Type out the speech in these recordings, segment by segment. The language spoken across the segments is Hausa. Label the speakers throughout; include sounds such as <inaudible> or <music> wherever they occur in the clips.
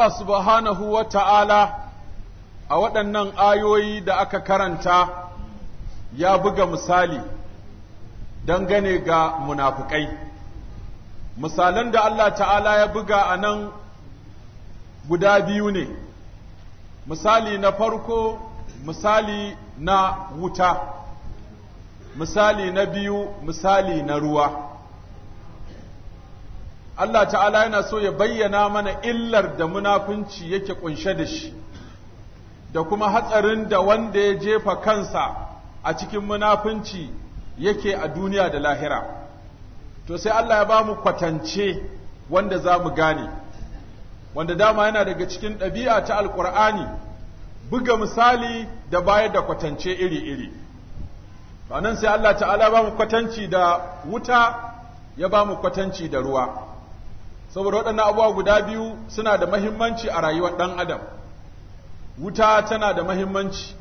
Speaker 1: Allah subhanahu wa ta'ala a waɗannan ayoyi da aka karanta ya buga misali dangane ga munafukai. Misalan da Allah ta'ala ya buga a nan guda biyu ne, misali na farko, misali na wuta, misali na biyu, misali na ruwa. Allah ta'ala yana so ya bayyana mana illar da munafunci yake kunshe da shi da kuma hatsarin da wanda ya jefa kansa a cikin munafunci yake a duniya da lahira to sai Allah ya ba mu kwatance wanda za mu gane wanda dama yana daga cikin ɗabi'a ta alƙur'ani buga misali da bayar da kwatance iri-iri nan sai Allah ta'ala ba mu kwatanci da wuta ya ba mu kwatanci da ruwa saboda waɗannan abubuwa guda biyu suna da mahimmanci a rayuwar ɗan adam wuta tana da mahimmanci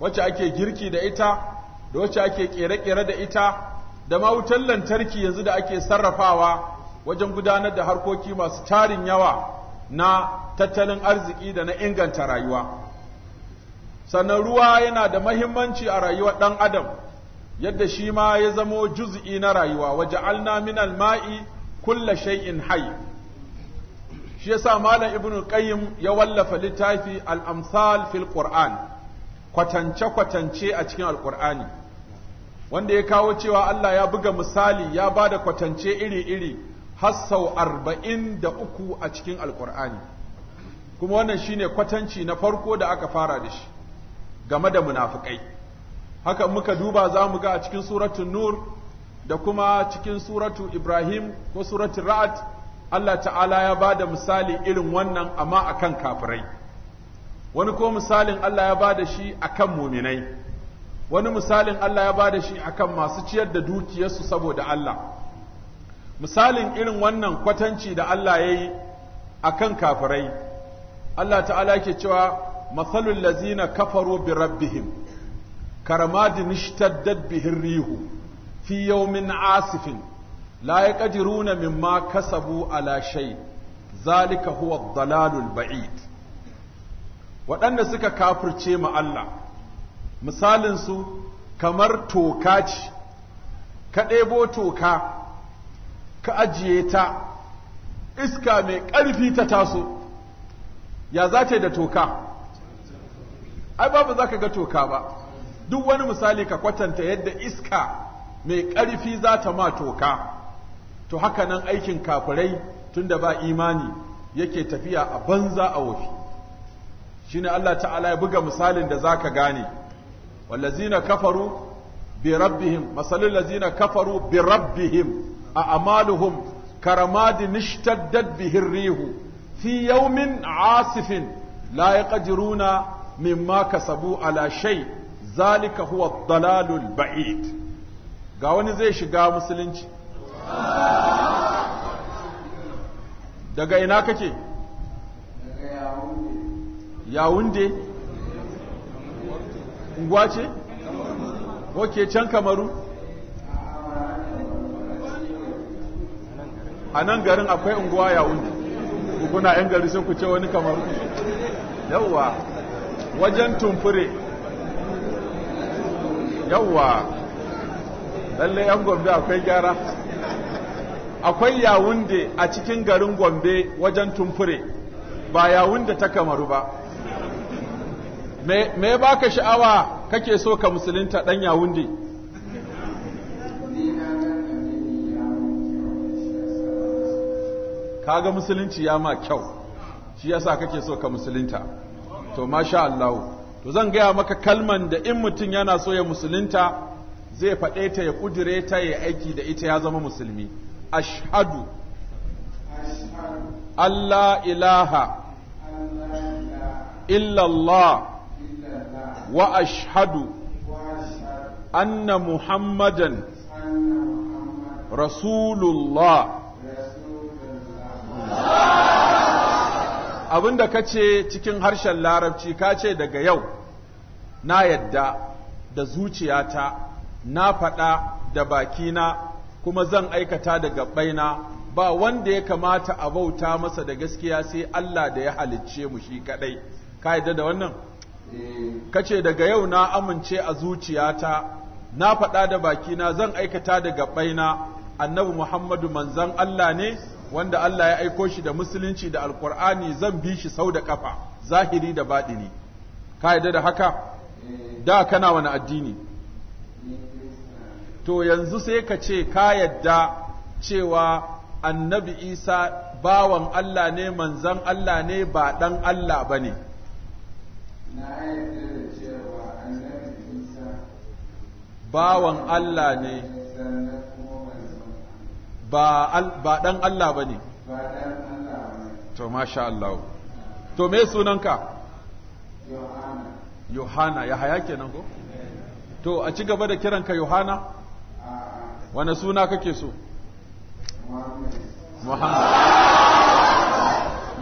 Speaker 1: wacce ake girki da ita da wacce ake ƙere-ƙere da ita da ma wutar lantarki yanzu da ake sarrafawa wajen gudanar da harkoki masu tarin yawa na tattalin arziki da na inganta rayuwa sannan ruwa yana da mahimmanci a rayuwar ɗan adam yadda shi ma ya zamo juz'i na rayuwa waje alna minal ma'i kulla shay'in hayy shi yasa malam ibnu qayyim ya wallafa littafi al-amsal fil qur'an kwatance kwatance a cikin alqur'ani wanda ya kawo cewa Allah ya buga misali ya bada kwatance iri iri har sau arba'in da uku a cikin alkur'ani kuma wannan shine kwatanci na farko da aka fara da shi game da munafukai haka muka duba zamu ga a cikin suratul nur da kuma cikin suratu Ibrahim ko suratu Ra'ad Allah ta'ala ya ba da misali irin wannan amma akan kafirai wani ko misalin Allah ya ba da shi akan muminai wani misalin Allah ya ba da shi akan masu ciyar da dukiyarsu saboda Allah misalin irin wannan kwatanci da Allah ya yi akan kafirai Allah ta'ala ke cewa mathalul lazina kafaru bi rabbihim da nishtaddad bihin rihu fi yawmin asifin la na mimma kasabu ala shai zalika huwa dalalul ba'id waɗanda suka kafirce ma Allah misalin kamar toka ce ka ɗebo toka ka ajiye ta iska mai ƙarfi ta taso ya za da toka ai babu za ka ga toka ba duk wani misali ka kwatanta yadda iska mai ƙarfi za ta ma toka to haka nan aikin kafirai tunda ba imani yake tafiya a banza a wafi shine Allah ta'ala ya buga misalin da za ka gane wallazina kafaru bi rabbihim lazina kafaru bi rabbihim a amaluhum karamadi, ishtaddat bihi rihu fi yawmin asifin la yaqdiruna mimma kasabu ala shai zalika huwa dalalul ba'id ga wani zai shiga musulunci daga ina kake yawunde unguwa ce ok can kamaru a nan garin akwai unguwa yawunde kuna yan gari sai ku ce wani kamaru yawwa wajen tumfure yawwa lallai yan gombe akwai gyara akwai yawunde a cikin garin gombe wajen tumfure ba yawun da ta kamaru ba me baka sha'awa kake so ka musulunta dan yawunde kaga musulunci ya ma kyau shi yasa kake so ka musulunta to masha Allah to zan gaya maka kalman da in mutum yana so ya musulunta zai faɗe ta ya kudire ta ya aiki da ita ya zama musulmi Ashadu. Allah ilaha illallah wa ashhadu anna muhammadan rasulullah abinda ka ce cikin harshen larabci ka ce daga yau na yadda da zuciyata na faɗa da bakina kuma zan aikata da gabbaina ba wanda ya kamata a bauta masa da gaskiya sai Allah da ya halicce mu shi kadai ka yadda da wannan eh. kace daga yau na amince a zuciyata na faɗa da bakina zan aikata da gabbaina annabi Muhammadu manzon Allah ne wanda Allah ya aiko shi da musulunci da alkur'ani zan bi shi sau da kafa zahiri da baɗini ka yadda da haka eh. da kana wani addini to yanzu sai ka ce ka yadda cewa annabi isa bawan Allah ne manzan Allah ne ba ɗan Allah ba ne bawan Allah ne ba ɗan Allah ba ne to masha Allah to me sunanka Yohana Yohana ya haya kenan ko to a ci gaba da kiranka Yohana wane suna kake so muhammad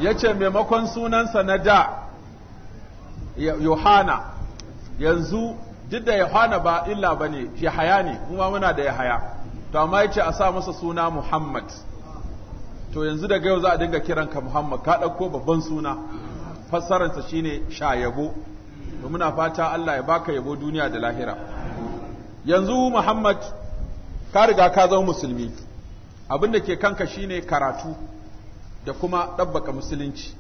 Speaker 1: ya ce maimakon sunansa na da yohana yanzu duk da yohana ba illa ba ne yahaya ne kuma muna da yahaya to amma ya ce a sa masa suna muhammad to yanzu daga yau za a dinga kiranka muhammad ka ɗauko babban suna fassararsa shine sha yabo muna fata allah ya baka yabo duniya da lahira yanzu muhammad ka riga ka zama musulmi abin da ke kanka shine karatu da kuma ɗabbaka musulunci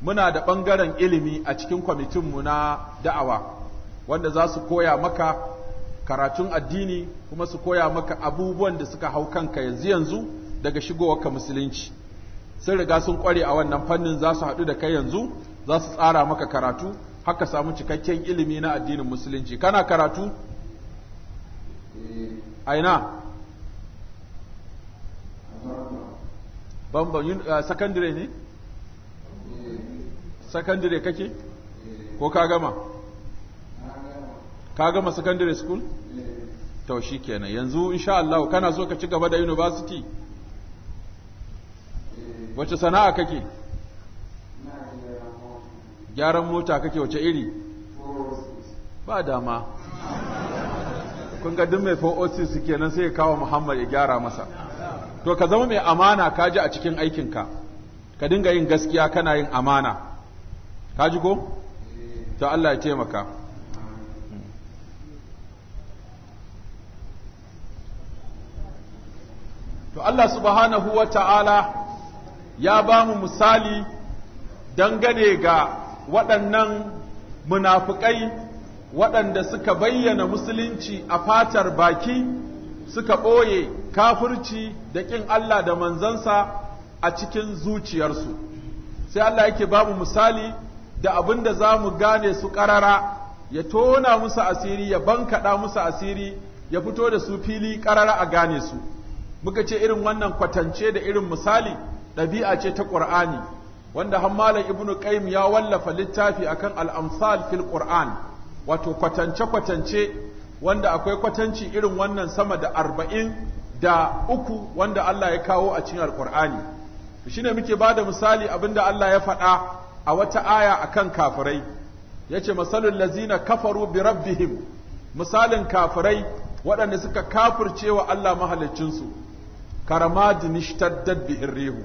Speaker 1: muna da ɓangaren ilimi a cikin kwamitinmu na da'awa wanda za su koya maka karatun addini kuma su koya maka abubuwan da suka hau kanka yanzu yanzu daga shigowarka musulunci sun riga sun kware a wannan fannin za su haɗu da kai yanzu za su tsara maka karatu haka samu cikakken ilimi na addinin musulunci kana karatu A ina. bambam ah, sakandire ne sakandire kake ko ka gama ka gama sakandire school to kenan yanzu insha Allah kana so ka ci gaba da university wace sana'a kake gyaran mota kake wace iri ba dama kun ga duk mai 406 kenan sai ya kawo Muhammad ya gyara masa to ka zama mai amana ka ji a cikin aikinka ka dinga yin gaskiya kana yin amana ka ji ko to Allah ya taimaka to Allah subhanahu wa ta'ala ya ba mu misali dangane ga waɗannan munafukai waɗanda suka bayyana musulunci a fatar baki suka ɓoye kafurci da ƙin Allah da manzansa a cikin zuciyarsu sai Allah yake babu misali da abin da za mu gane su ƙarara ya tona musu asiri ya bankaɗa musu asiri ya fito da su fili ƙarara a gane su muka ce irin wannan kwatance da irin misali ɗabi'a ce ta ƙur'ani wanda hammalan ibnu qayyim ya wallafa littafi akan al-amsal fil qur'an wato kwatance kwatance wanda akwai kwatanci irin wannan sama da arba'in da uku wanda Allah ya kawo a cikin alkur'ani shi ne muke ba da misali abinda Allah ya faɗa a wata aya a kan kafirai ya ce masalin lazina kafaru bi rabbihim misalin kafirai waɗanda suka kafirce wa Allah mahalicinsu. karamadin ishtaddad bihin rihu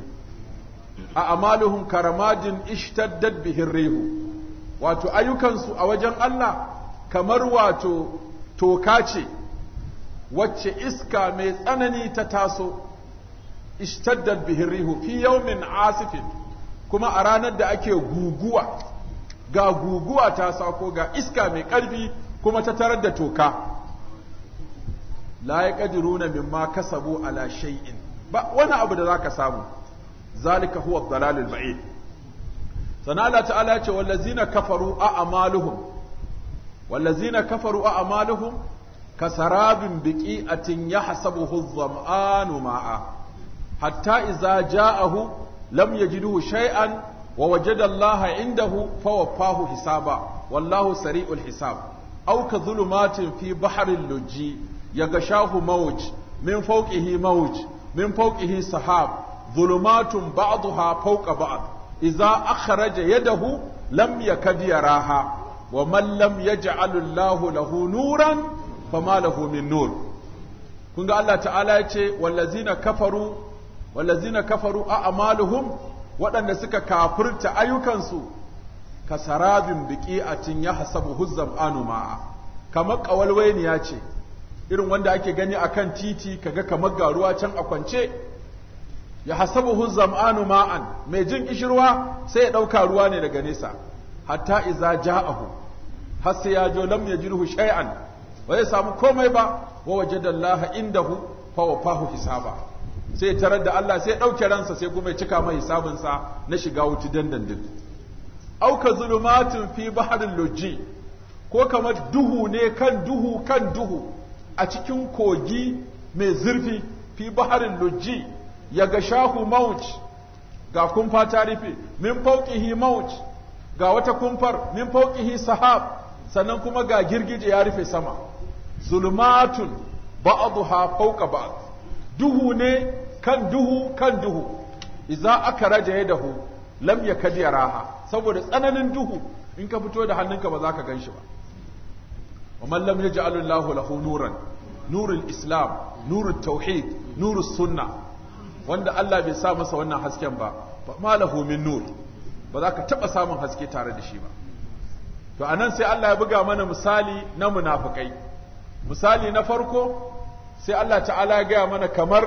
Speaker 1: a amaluhun karamadin ishtaddad bihin rihu wato ayyukansu a wajen Allah kamar wato toka ce wacce iska mai tsanani ta taso da bihin rihu fi min asifin kuma a ranar da ake guguwa ga guguwa ta sako ga iska mai ƙarfi kuma ta tarar da toka la yaqdiruna mimma kasabu ala shay'in ba wani abu da za ka samu zalika huwa ad-dalalul ba'id sana Allah ta'ala ce wallazina kafaru a amaluhum wallazina kafaru a amaluhum kasarabin biqi'atin yahsabuhu adh-dhama'anu ma'a hatta a hu, lam yajidhu shay'an wa wajada Allah indahu fawaffahu hisaba wallahu sari'ul hisab Auka ka dhulumatin fi bahrin yaga shahu mawj min fawqihi mawj min fawqihi sahab dhulumatun ba'daha fawqa ba'd idza akhraja yadahu lam yakad raha. wa man lam yaj'alu Allahu lahu nuran fama lahu min nur kun ga Allah ta'ala ya ce wallazina kafaru wallazina kafaru a'maluhum waɗanda suka kafirta ayyukansu kasarabin biqi'atin hasabu huzzam ma'a kamar ya ce irin wanda ake gani akan titi kaga kamar garuwa can a kwance ya hasabuhu zam'anu ma'an mai jin kishirwa sai ya ɗauka ruwa ne daga nesa hatta iza ja'ahu har sai ya jo lam yajruhu shay'an Wa ya samu komai ba wa wajada Allah indahu fa wafahu hisaba sai tarar da Allah sai dauke ransa sai kuma ya cika mai hisabin sa na shiga wuti dandandin auka zulumatun fi baharin luji ko kamar duhu ne kan duhu kan duhu a cikin kogi mai zurfi fi baharin luji ya ga shahu mawuci ga kumfa ta rufe min fauƙihi mawuci ga wata kumfar min fawqihi sahab sannan kuma ga girgije ya rufe sama zulumatun ba'dha fawqa ba'd duhu ne kan duhu kan duhu idza akaraja yadahu lam yakad yaraha saboda tsananin duhu in ka fito da hannunka ba za ka ganshi ba ومن لم يجعل الله له نورا nurin الإسلام نور التوحيد نور wanda Allah bai sa masa wannan hasken ba ba ma lahu min nur ba za ka taɓa samun haske tare da shi ba to a nan sai Allah ya buga mana misali na munafukai misali na farko sai Allah ta'ala ya gaya mana kamar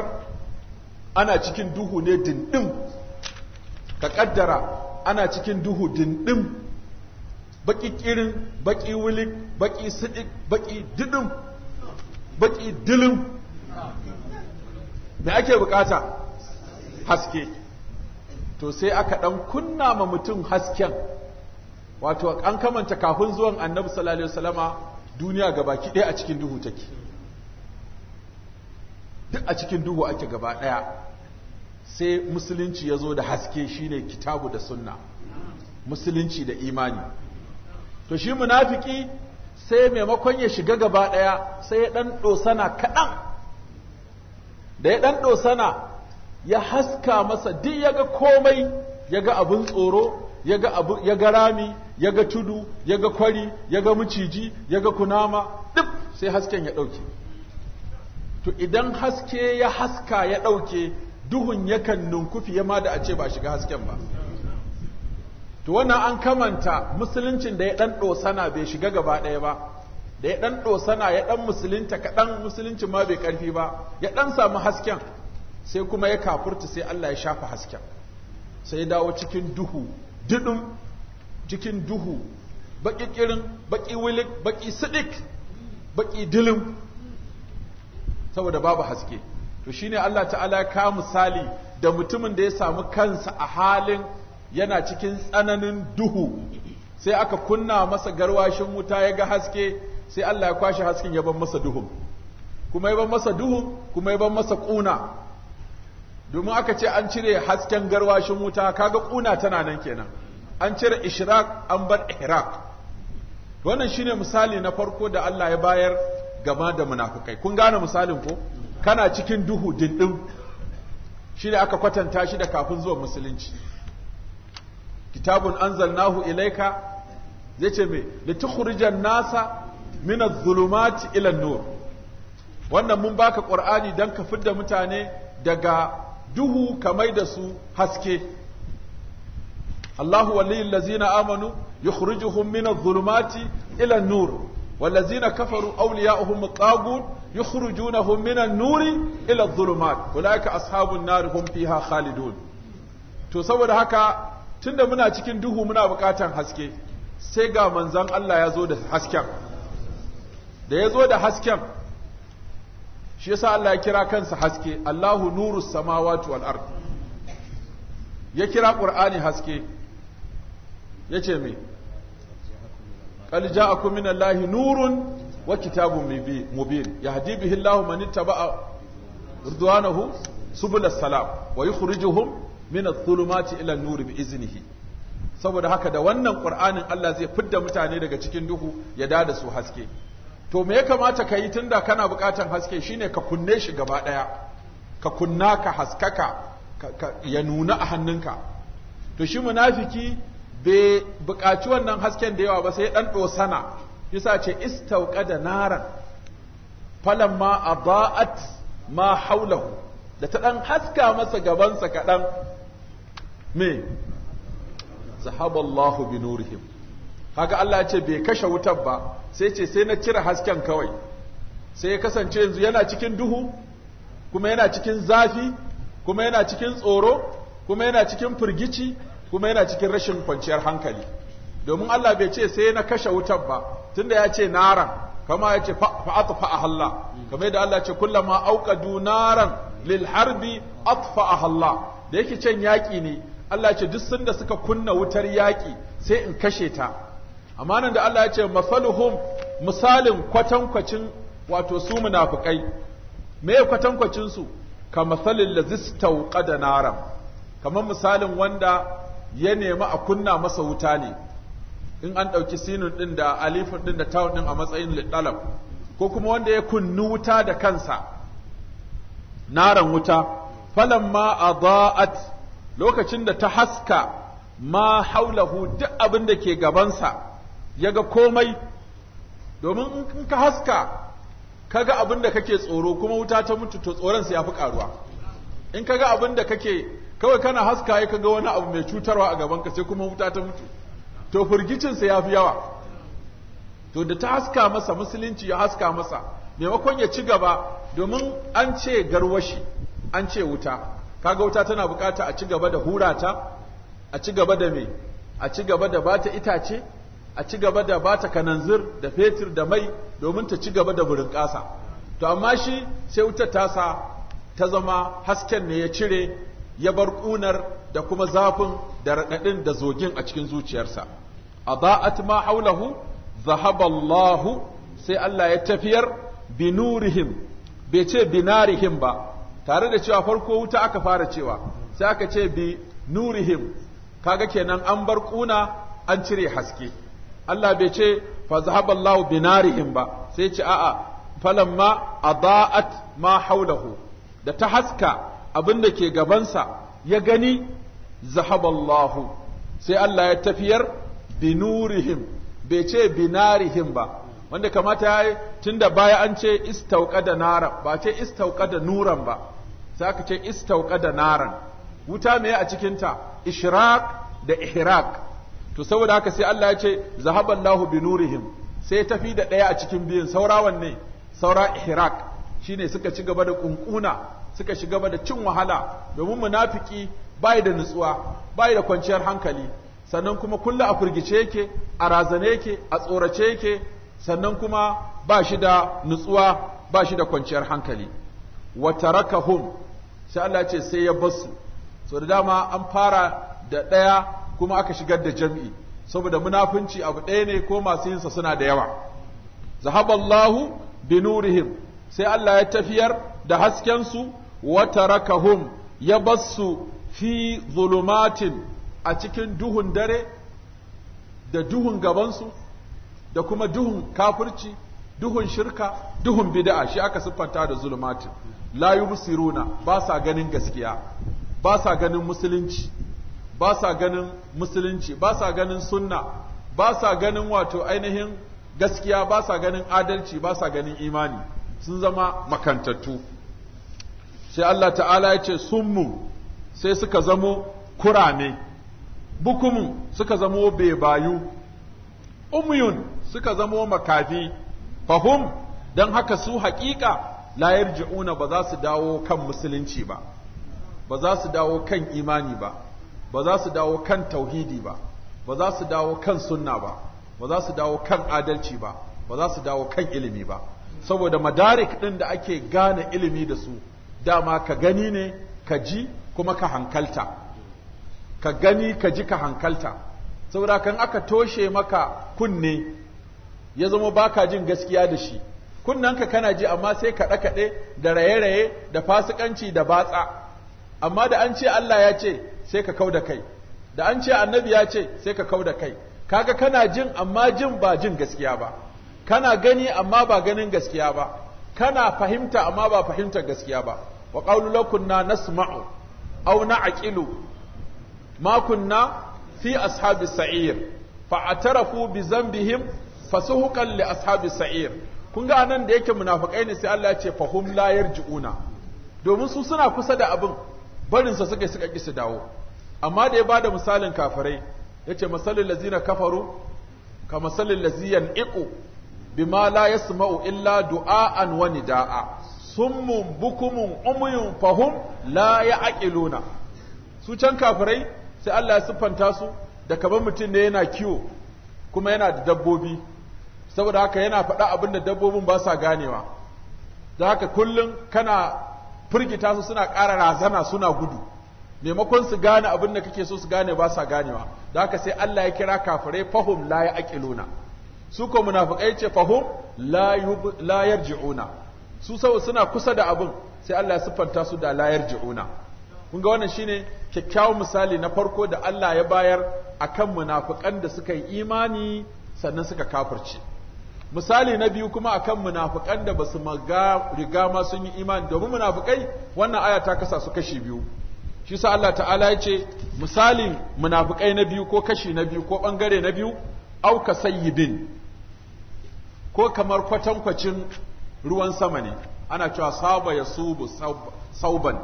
Speaker 1: ana cikin duhu ne dindin ka kaddara ana cikin duhu dindin baki kirin baki wulik baki sidik baki didim baki dilin, me ake bukata haske to sai aka ɗan kunna ma mutum hasken wato an kamanta kafin zuwan annabi sallallahu alaihi wasallama duniya gabaki ɗaya a cikin duhu take duk a cikin duhu ake gaba ɗaya sai musulunci ya zo da haske shine kitabu da sunna musulunci da imani to shi munafiki sai maimakon ya shiga gaba ɗaya sai ya ɗan ɗosana kaɗan da ya ɗan ɗosana ya haska masa duk ya ga komai ya ga abin tsoro ya ga rami ya ga tudu ya ga kwari ya ga maciji ya ga kunama duk sai hasken ya ɗauke to idan haske ya haska ya ɗauke duhun yakan nunkufi ya ma da a ce ba shiga hasken ba to wannan an kamanta musuluncin da ya ɗan ɗosana bai shiga gaba ɗaya ba da ya ɗan ɗosana ya ɗan musulunta kaɗan musuluncin ma bai ƙarfi ba ya ɗan samu hasken sai kuma ya kafurta sai Allah ya shafa hasken sai ya dawo cikin duhu didin cikin duhu baki kirin baki wilik baki sidik baki dilin saboda babu haske to shine Allah ta'ala ya ka misali da mutumin da ya samu kansa a halin yana cikin tsananin duhu sai aka kunna masa garwashin wuta ya ga haske sai Allah ya kwashe hasken ya ban masa duhun kuma ya ban masa duhu kuma ya ban masa kuna domin aka ce an cire hasken garwashin wuta kaga kuna tana nan kenan an cire ishraq an bar ihraq wannan shine misali na farko da Allah ya bayar gama da munafukai kun gane misalin ko kana cikin duhu dindin shine aka kwatanta shi da kafin zuwa musulunci kitabun anzalnahu ilaika zai ce me litukhrijan nasa min adh-dhulumati ila an-nur wannan mun baka qur'ani dan ka fidda mutane daga duhu kamai da su haske Allahu waliyul lazina amanu yukhrijuhum min zulumati dhulumati ila nur wallazina kafaru أولياؤهم الطاغوت يخرجونهم من النور إلى الظلمات أولئك ashabun النار هم fiha خالدون to saboda haka tunda muna cikin duhu muna bukatan haske sai ga manzon Allah ya zo da hasken da ya zo da hasken shi yasa Allah ya kira kansa haske Allahu nuru samawati wal ard ya kira qur'ani haske yace me qad ja'akum min Allahi nurun wa kitabun mubin yahdi bihi Allahu man ittaba'a ridwanahu subul salam wa yukhrijuhum min adh-dhulumati ila an-nur bi saboda haka da wannan qur'anin Allah zai fidda mutane daga cikin duhu ya dada su haske to me ya kamata ka yi tunda kana bukatan haske shine ka kunne shi gaba daya ka kunna ka haskaka ya nuna a hannunka to shi munafiki bai bukaci wannan hasken da yawa ba sai dan ɗosana yasa ce istauqada naran falamma adaat ma haulahu da ta ɗan haska masa gabansa kaɗan, me zahaballahu binurihim kaga Allah ya ce bai kashe wutar ba sai ce sai na cire hasken kawai sai ya kasance yanzu yana cikin duhu kuma yana cikin zafi kuma yana cikin tsoro kuma yana cikin firgici kuma yana cikin rashin kwanciyar hankali domin Allah bai ce sai na kashe wutar ba tunda ya ce naran kama ya ce fa'a ahalla kamar yadda Allah ce kullama auqadu naran lil harbi atfa ahalla da yake can yaki ne Allah ce duk sun da suka kunna wutar yaki sai in kashe ta amma nan da Allah ya ce mafaluhum misalin kwatankwacin wato su munafikai me ya kwatankwacin su ka masalin lazistau qada naram kamar misalin wanda ya nemi a kunna masa wuta ne in an ɗauki sinun ɗin da alifin ɗin da tawun ɗin a matsayin litalab ko kuma wanda ya kunnu wuta da kansa naran wuta falamma adaat lokacin da ta haska ma haulahu duk abin da ke gabansa ya ga komai domin in ka haska kaga abin da kake tsoro kuma wuta ta mutu to tsoron sai yafi karuwa in kaga abin da kake kawai kana haska ya kaga wani abu mai cutarwa a gaban ka sai kuma wuta ta mutu to firgicin sa yafi yawa to da ta haska masa musulunci ya haska masa maimakon ya ci gaba domin an ce garwashi an ce wuta kaga wuta tana bukata a ci gaba da hurata a ci gaba da me a ci gaba da bata itace a ci gaba da bata kananzir da fetur da mai domin ta ci gaba da burin ƙasa to amma shi sai wuta tasa ta zama hasken ne ya cire ya bar ƙunar da kuma zafin da raɗaɗin da zogin a cikin zuciyarsa a za'at ma haulahu zahaballahu sai Allah ya tafiyar binurihim bai ce binarihim ba tare da cewa farko wuta aka fara cewa sai aka ce bi nurihim kaga kenan an bar kuna an cire haske Allah bai ce fa zahaballahu binarihim ba sai ce a'a falamma adaat ma haulahu da ta haska abin da ke gabansa ya gani zahaballahu sai Allah ya tafiyar binurihim bai ce binarihim ba wanda kamata ya yi tun da baya an ce istauka da naran ba ce istauka da nuran ba sai aka ce istauka da naran wuta me a cikinta ishraq da ihraq to saboda haka sai Allah ya ce zahaballahu bi nurihim sai tafi da ɗaya a cikin biyun saura wanne saura ihraq shine suka ci gaba da kunkuna suka ci gaba da cin wahala domin munafiki bai da nutsuwa bai da kwanciyar hankali sannan kuma kullu a furgice yake a razane yake a tsorace yake sannan kuma ba shi da nutsuwa ba shi da kwanciyar hankali wa tarakahum sai Allah ce sai ya basu so da dama an fara da ɗaya kuma aka shigar da jami'i saboda munafunci abu ɗaya ne ko masu yinsa suna da yawa zahaballahu bi nurihim sai Allah ya tafiyar da haskensu wa tarakahum ya bassu fi zulumatin a cikin duhun dare da duhun gabansu da kuma duhun kafurci, duhun shirka duhun bid'a shi aka siffanta da zulumatin la yubsiruna ba sa ganin gaskiya ba sa ganin musulunci ba sa ganin musulunci ba sa ganin sunna ba sa ganin wato ainihin gaskiya ba sa ganin adalci ba sa ganin imani sun zama makantattu sai Allah ta'ala ya ce sunmu sai suka zamo kurame bukumun suka zamo bebayu umyun suka zamo makafi fahum don haka su haƙiƙa la ji'una ba za su dawo kan musulunci ba ba za su dawo kan imani ba ba za su dawo kan tauhidi ba ba za su dawo kan sunna ba ba za su dawo kan adalci ba ba za su dawo kan ilimi ba saboda madarik ɗin da ake gane ilimi da su dama ka gani ne ka ji kuma ka hankalta ka gani ka ji ka hankalta saboda kan aka toshe maka kunne ya zama baka jin gaskiya da shi kunnanka kana ji amma sai kaɗe-kaɗe da raye-raye da fasikanci da batsa amma da an ce Allah ya ce sai ka kau da kai da an ce annabi ya ce sai ka kau da kai kaga kana jin amma jin ba jin gaskiya ba kana gani amma ba ganin gaskiya ba kana fahimta amma ba fahimtar gaskiya ba wa qawlu law kunna nasma'u aw na'qilu ma kunna fi ashabi sa'ir fa atarafu bi zambihim fasuhuqan li ashabi sa'ir kun ga nan da yake munafikai ne sai Allah ya ce fahum la yarji'una domin su suna kusa da abin barinsa suka suka ki su dawo amma da ya ba da misalin kafirai yace masalin lazina kafaru ka masalin laziyan bi bima la ya sumau illa du'aan wa nidaa summun bukumun umyun fahum la ya ya'qiluna su can kafirai sai Allah ya siffanta su da kamar mutum ne yana kiwo kuma yana da dabbobi saboda haka yana faɗa abin da dabbobin ba sa ganewa da haka kullum kana firgita su suna ƙara razana suna gudu maimakon su gane abin da kake so su gane ba sa ganewa da haka sai Allah ya kira kafirai fahum la ya aqiluna su ko munafikai ce fahum la la yarji'una su sau suna kusa da abin sai Allah ya siffanta su da la yarji'una kun ga wannan shine kyakkyawan misali na farko da Allah ya bayar akan munafikan da suka yi imani sannan suka kafirce misali na biyu kuma akan munafikan da basu riga ma sun yi imani domin munafikai wannan aya ta kasa su kashi biyu shi sa Allah ta'ala ya ce misalin munafikai na biyu ko kashi na biyu ko bangare na biyu auka ka sayyibin ko kamar kwatankwacin ruwan sama ne ana cewa saba ya subu sauban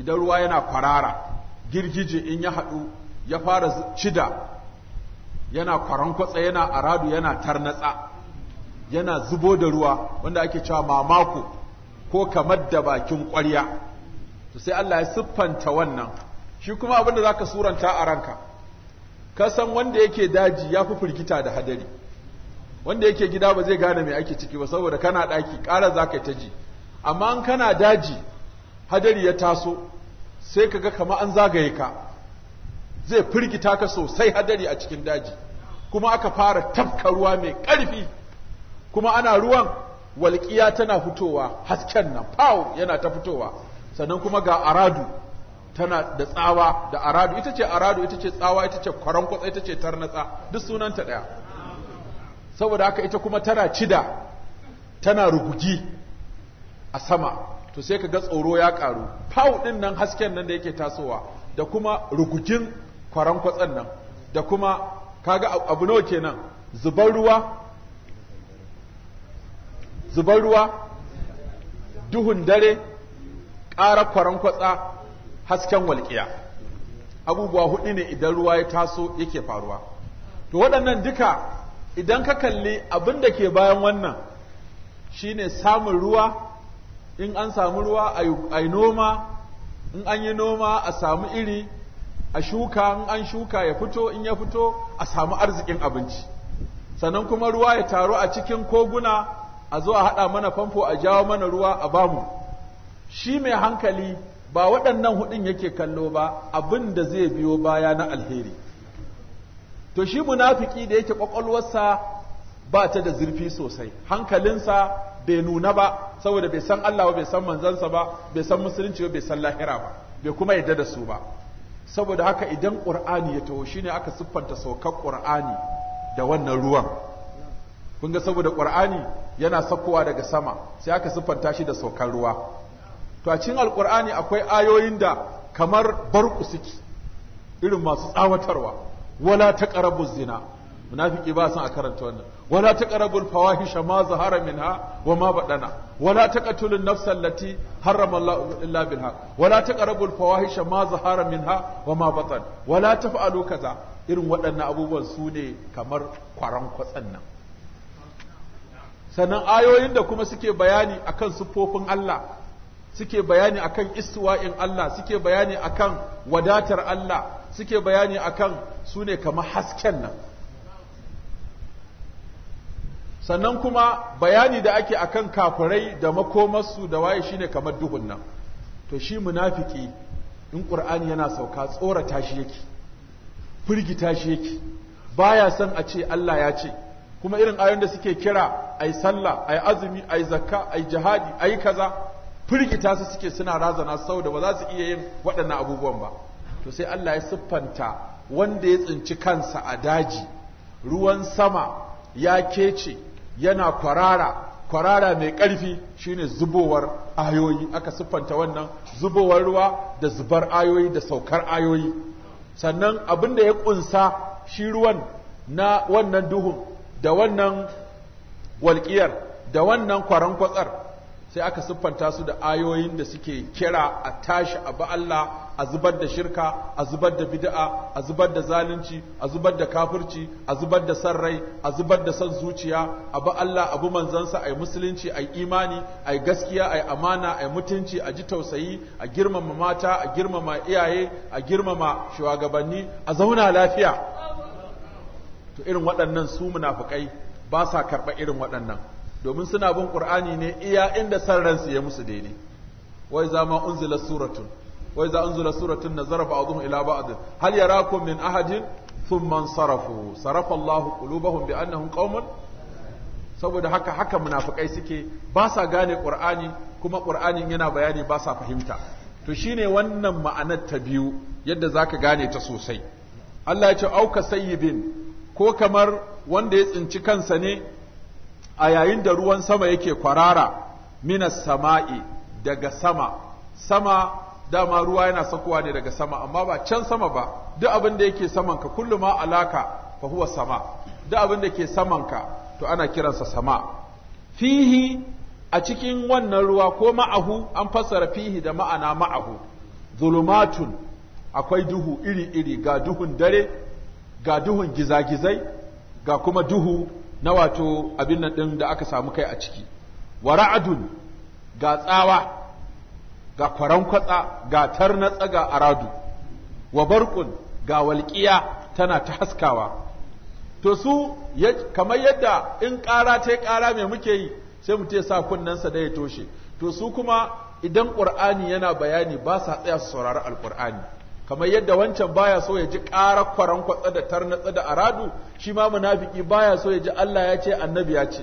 Speaker 1: idan ruwa yana kwarara girgije in ya haɗu ya fara cida yana kwarankwatsa yana aradu yana tarnatsa yana zubo da ruwa wanda ake cewa mamako ko kamar da bakin ƙwarya to sai Allah ya siffanta wannan shi kuma abin da zaka suranta a ranka ka san wanda yake daji ya fi firgita da hadari wanda yake gida ba zai gane mai ake ciki ba saboda kana daki ƙara za yi ta ji amma in kana daji hadari ya taso sai ka ga kama an zagaye ka zai firgita ka sosai hadari a cikin daji kuma aka fara tafka ruwa mai ƙarfi kuma ana ruwan walƙiya tana fitowa hasken nan fawo yana ta fitowa sannan kuma ga aradu tana da tsawa da aradu ita ce aradu ita ce tsawa ita ce kwarankwatsa ita ce tarnatsa duk sunanta ɗaya saboda haka ita kuma tana cida tana rugugi a sama to sai ka ga tsoro ya ƙaru fau ɗinnan nan hasken nan da yake tasowa da kuma rugugin kwarankwatsan nan da kuma kaga abu nawa kenan zubar ruwa zubar ruwa duhun dare ƙara kwaran kwatsa hasken walƙiya abubuwa hudu ne idan ruwa ya taso yake faruwa to waɗannan duka idan ka kalli abin da ke bayan wannan shine samun ruwa in an samu ruwa a yi noma in an yi noma a samu iri a shuka in an shuka ya fito in ya fito a samu arzikin abinci sannan kuma ruwa ya taru a cikin koguna a zo a haɗa mana famfo a jawo mana ruwa a bamu shi mai hankali ba waɗannan hudun yake kallo ba abin da zai biyo baya na alheri to shi munafiki da yake kwakwalwarsa ba ta da zurfi sosai hankalinsa bai nuna ba saboda bai san Allah ba bai san manzansa ba bai san musulunci ba bai san lahira ba bai kuma yadda da su ba saboda haka idan qur'ani ya taho ne aka siffanta saukar qur'ani da wannan ruwan kun ga saboda qur'ani yana sakkowa daga sama sai aka siffanta shi da saukar ruwa to a cikin alkur'ani akwai ayoyin da kamar barku suke irin masu tsawatarwa wala ta karabu zina munafiki ba san a karanta wannan wala ta taqrabu fawahisha ma zahara minha wa ma badana wala taqtulun nafsa allati harrama Allah illa bil wala wala taqrabu fawahisha ma zahara minha wa ma batan wala fa'alu kaza irin waɗannan abubuwan su ne kamar kwaran kwatsan nan sannan ayoyin da kuma suke bayani akan siffofin Allah suke bayani akan istiwa'in Allah suke bayani akan wadatar Allah suke bayani akan su ne kamar hasken nan sannan kuma bayani da ake akan kafirai da makomarsu da waye shine kamar duhun nan to shi munafiki in ƙur'ani yana sauka tsorata shi yake firgita shi yake baya son a ce Allah ya ce kuma irin ayoyin da suke kira ai sallah ai azumi ai zakka ai jihadi ai kaza firgita su suke suna razana saboda ba za su iya yin waɗannan abubuwan ba to sai Allah ya siffanta wanda ya tsinci kansa a daji ruwan sama ya kece yana kwarara kwarara mai ƙarfi shine zubowar ayoyi aka siffanta wannan zubowar ruwa da zubar ayoyi da saukar ayoyi sannan abin da ya ƙunsa shi ruwan na wannan duhun da wannan walƙiyar da wannan kwaran kwatsar sai aka siffanta su da ayoyin da suke kira a tashi a Allah a zubar da shirka a zubar da bid'a a zubar da zalunci a zubar da kafirci a zubar da san rai a zubar da san zuciya a ba Allah abu manzansa ai musulunci ai imani ai gaskiya ai amana ai mutunci a ji tausayi a girmama mata a girmama iyaye a girmama shugabanni a zauna lafiya to irin waɗannan su munafukai ba sa karɓa irin waɗannan domin suna bin ƙur'ani ne iya inda san ransu ya musu daidai wai za ma unzila suratun wai za unzila suratun na a ba'dhum ila ba'd hal yarakum min ahadin sun man sarafu sarafa Allahu qulubahum bi annahum qauman saboda haka haka munafukai suke ba sa gane ƙur'ani, kuma ƙur'ani yana bayani ba sa fahimta to shine wannan ma'anar ta biyu yadda zaka gane ta sosai Allah ya ce auka sayyibin ko kamar wanda ya tsinci kansa ne a yayin da ruwan sama yake kwarara minas sama'i daga sama sama dama ruwa yana sakowa ne daga sama amma ba can sama ba duk abin da yake saman ka kullu ma alaka fa huwa sama duk abin da ke saman ka to ana kiransa sama fihi a cikin wannan ruwa ko ma'ahu an fassara fihi da ma'ana ma'ahu zulumatun akwai duhu iri iri ga duhun dare ga duhun gizagizai ga kuma duhu na wato abin nan ɗin da aka samu kai a ciki wa ra'adun ga tsawa ga kwaran kwatsa ga tarnatsa ga aradu wa barkun ga walƙiya tana ta haskawa to su kamar yadda in ƙara ta ƙara mai muke yi sai mutum sa kunnensa da ya toshe to su kuma idan ƙur'ani yana bayani ba sa tsaya su saurari alƙur'ani kamar yadda wancan baya so ya ji ƙarar kwaran kwatsa da tarnatsa da aradu shi ma munafiki baya so ya ji Allah ya ce annabi ya ce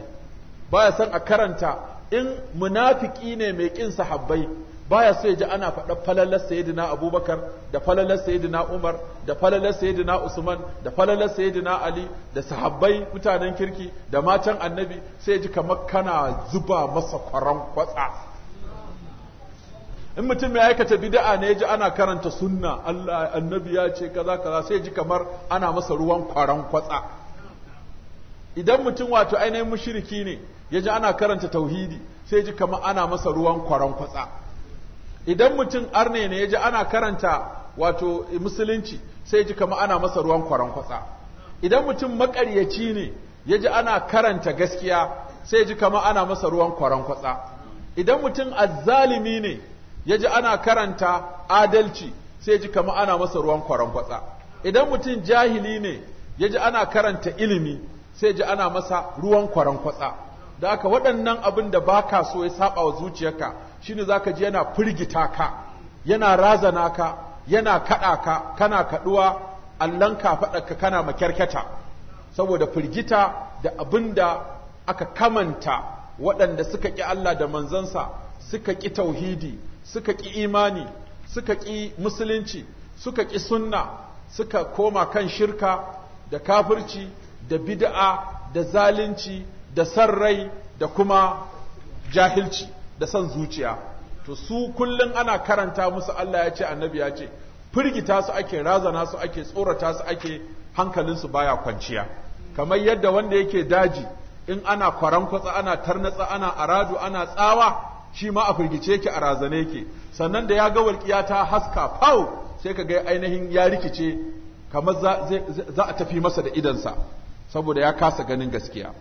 Speaker 1: baya son a karanta in munafiki ne mai ƙin sahabbai baya so ya ji ana faɗa falalar sayyidina abubakar da falalar sayyidina umar da falalar sayyidina usman da falalar sayyidina ali da sahabbai mutanen kirki da matan annabi sai ya ji kamar kana zuba masa kwaran kwatsa in mutum ya aikata bid'a ne ya ji ana karanta sunna Allah annabi ya ce kaza kaza sai ji kamar ana masa ruwan kwaran kwatsa idan mutum wato ainihin mushriki ne ya ji ana karanta tauhidi sai ji kamar ana masa ruwan kwaran kwatsa idan mutum arne ne ya ji ana karanta wato musulunci sai ji kamar ana masa ruwan kwaran kwatsa idan mutum makaryaci ne ya ji ana karanta gaskiya sai ji kamar ana masa ruwan kwaran kwatsa idan mutum azzalimi ne ya ji ana karanta adalci sai ji kama ana masa ruwan kwarankwatsa idan mutum jahili ne ya ji ana karanta ilimi sai ji ana masa ruwan kwarankwatsa da aka waɗannan abin da ba ka so ya saba wa zuciyarka shi ne za ka ji yana firgita ka yana razana ka yana kaɗa ka kana kaɗuwa allon ka, kana makyarkyata saboda firgita da abin da aka kamanta waɗanda suka ƙi Allah da manzansa suka ƙi tauhidi suka ƙi imani suka ƙi musulunci suka ƙi sunna suka koma kan shirka da kafirci da bid'a da zalunci da sarrai da kuma jahilci da son zuciya to su kullum ana karanta musu Allah ya ce annabi ya ce firgita su ake razana su ake tsorata su ake hankalinsu baya kwanciya kamar yadda wanda yake daji in ana kwarankwatsa ana tarnatsa ana aradu ana tsawa shi ma a firgice ki a razane ki sannan da ya ga walƙiya ta haska fau sai ka ga ainihin ya rikice kamar za a tafi masa da idansa saboda ya kasa ganin gaskiya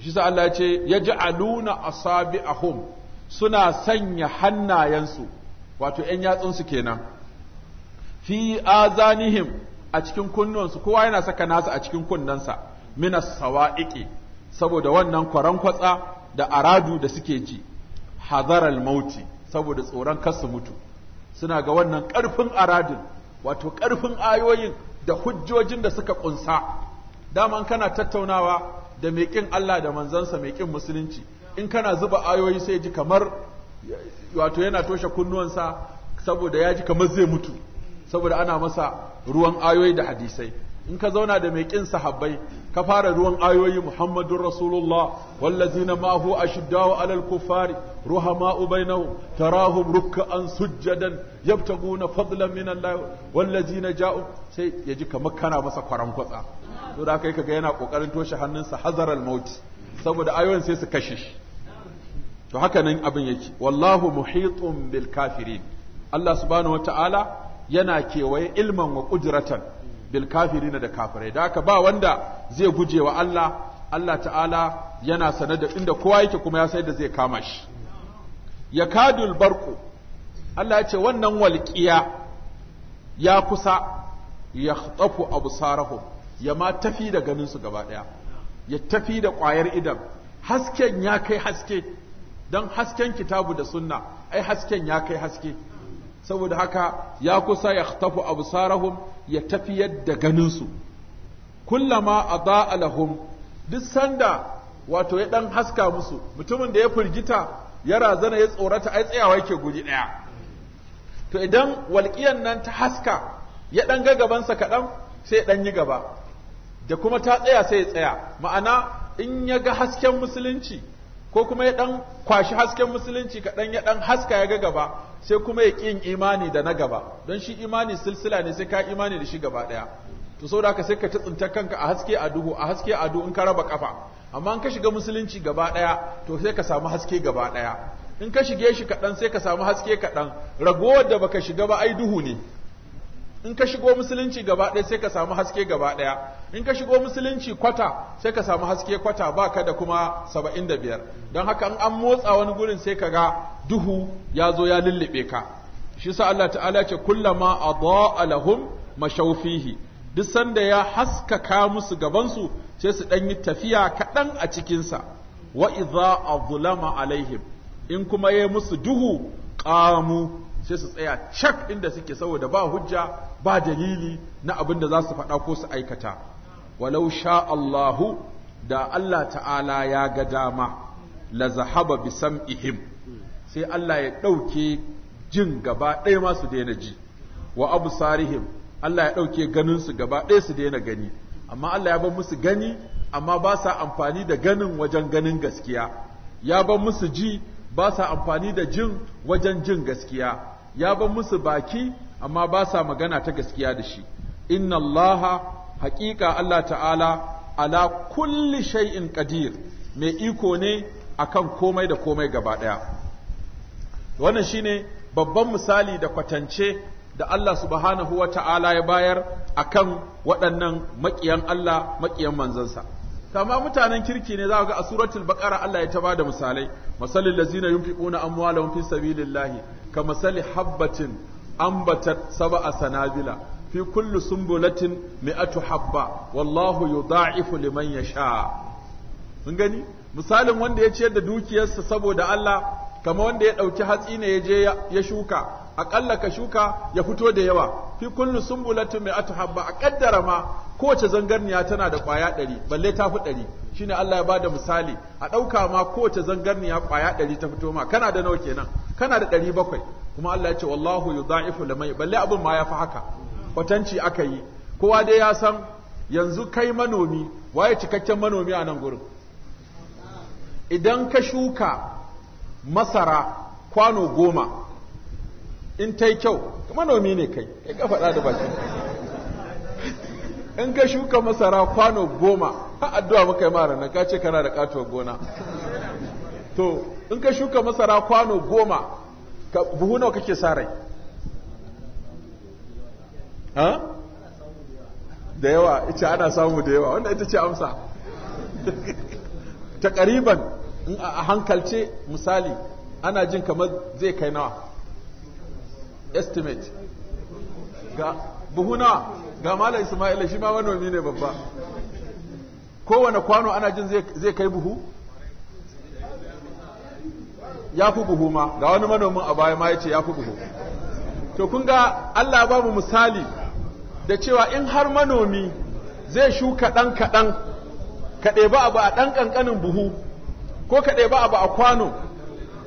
Speaker 1: shi sa Allah ya ce yaj'aluna asabi'ahum suna sanya hannayensu wato ‘yan yatsunsu kenan, fi azanihim a cikin kunnuwansu kowa yana saka nasa a cikin kunnensa, minas sawa'iki, saboda wannan kwaran kwatsa da aradu da suke ji, Hazarar mauti saboda tsoron kasu mutu suna ga wannan karfin aradin wato ƙarfin ayoyin da hujjojin da suka ƙunsa daman kana tattaunawa da mai ƙin Allah da manzansa mai ƙin musulunci in kana zuba ayoyi sai ji kamar wato yana toshe kunnuwansa saboda ya ji kamar zai mutu saboda ana masa ruwan ayoyi da hadisai in ka zauna da mai kin sahabbai ka fara ruwan ayoyi Muhammadur Rasulullah wallazina ma'ahu ashiddaw 'alal kuffari ruhama'u bainahu tarahum an sujjadan yabtaguna fadlan min Allah wallazina ja'u sai yaji kamar kana masa kwaran kwatsa to da kai kaga yana kokarin toshe hannunsa hazaral maut saboda ayoyin sai su kashe shi to haka nan abin yake wallahu muhitun bil kafirin Allah subhanahu wata'ala yana kewaye ilman wa kudratan bil kafirina da kafirai da haka ba wanda zai guje wa Allah Allah ta'ala yana sanar da inda kowa yake kuma ya sai da zai kama shi ya kadul barku Allah ya ce wannan walƙiya ya kusa ya tsafu abu sarahu ya ma tafi da ganinsu gaba ɗaya ya tafi da ƙwayar idan hasken ya kai haske don hasken kitabu da sunna ai hasken ya kai haske saboda haka ya kusa ya tafi absarahum ya tafiyar da ganinsu kullama a za'alahum duk sanda wato ya ɗan haska musu mutumin da ya firgita ya razana ya tsorata ai tsayawa yake guji ɗaya to idan walƙiyan nan ta haska ya ɗan ga gabansa kaɗan sai ya ɗan yi gaba da kuma ta tsaya sai ya tsaya ma'ana in ya ga hasken musulunci ko kuma ya dan kwashi hasken musulunci kaɗan ya dan haska ya ga gaba sai kuma ya ƙin imani da na gaba don shi imani silsila ne sai ka imani da shi gaba ɗaya to da haka sai ka ta tsinta kanka a haske a duhu a haske a duhu in ka raba kafa amma in ka shiga musulunci gaba ɗaya to sai ka samu haske gaba ɗaya in ka shige shi kaɗan sai ka samu haske kaɗan ragowar da baka shiga ba ai duhu ne in ka shigo musulunci gaba ɗaya sai ka samu haske gaba ɗaya in ka shigo musulunci kwata sai ka samu haske kwata ba ka da kuma saba'in da biyar don haka in an motsa wani gurin sai ka ga duhu ya zo ya lullube ka shi sa Allah ta'ala ce kullama adaa lahum mashawfihi duk sanda ya haskaka musu gabansu sai su ɗan yi tafiya kaɗan a cikinsa wa a azlama alaihim in kuma ya musu duhu qamu sai su tsaya cak inda suke saboda ba hujja ba dalili na abin da za su faɗa ko su aikata walau sha Allahu da Allah ta'ala ya ga dama la zahaba bi sam'ihim sai Allah ya ɗauke jin gaba ɗaya ma su daina ji wa absarihim Allah ya ɗauke ganin su gaba ɗaya su daina gani amma Allah ya bar musu gani amma ba sa amfani da ganin wajen ganin gaskiya ya bar musu ji ba sa amfani da jin wajen jin gaskiya ya ban musu baki amma ba sa magana ta gaskiya da shi inna allaha haƙiƙa Allah ta'ala ala kulli shay'in qadir mai iko ne akan komai da komai gaba ɗaya wannan shine babban misali da kwatance da Allah subhanahu wa ta'ala ya bayar akan waɗannan maƙiyan Allah maƙiyan manzansa kama mutanen kirki ne za ga a suratul baqara Allah ya ta bada misalai masalil ladzina yunfiquna amwalahum fi sabilillahi Ka masali habbatin ambatat sab'a sanabila fi kulli sumbulatin mi'atu habba wallahu yudha'ifu liman yasha mun gani misalin wanda ya ciyar da dukiyarsa saboda Allah kama wanda ya dauki hatsi ne ya je ya shuka aƙalla ka shuka ya fito da yawa fi kullu sumbulatu mai atu habba a ƙaddara ma kowace zangarniya tana da ƙwaya ɗari balle ta fi ɗari shine Allah ya bada misali a ɗauka ma kowace zangarniya ƙwaya ɗari ta fito ma kana da nawa kenan kana da ɗari bakwai kuma Allah ya ce wallahu yudha'ifu mai. balle abin ma ya fi haka kwatanci aka yi kowa dai ya san yanzu kai manomi waye cikakken manomi a nan gurin idan ka shuka masara kwano goma in ta yi kyau manomi ne kai kai ka faɗa da baki in ka shuka masara kwano goma ha addu'a muka yi mara nan ka ce kana da katuwar gona to in ka shuka masara kwano goma ka buhu nawa kake sa rai ha da yawa ita ana samu da yawa wanda ita ce amsa <laughs> ta ƙariban a hankalce misali ana jin kamar zai kai nawa estimate ga buhuna ga malam ismaila shi ma manomi ne babba kowane kwano ana jin zai kai buhu ya fi buhu ma ga wani manomin a baya ma ya ce ya fi buhu to kun ga Allah ba mu misali da cewa in har manomi zai shuka ɗan kaɗan ka ɗeba abu a ɗan ƙanƙanin buhu ko ka ɗeba abu a kwano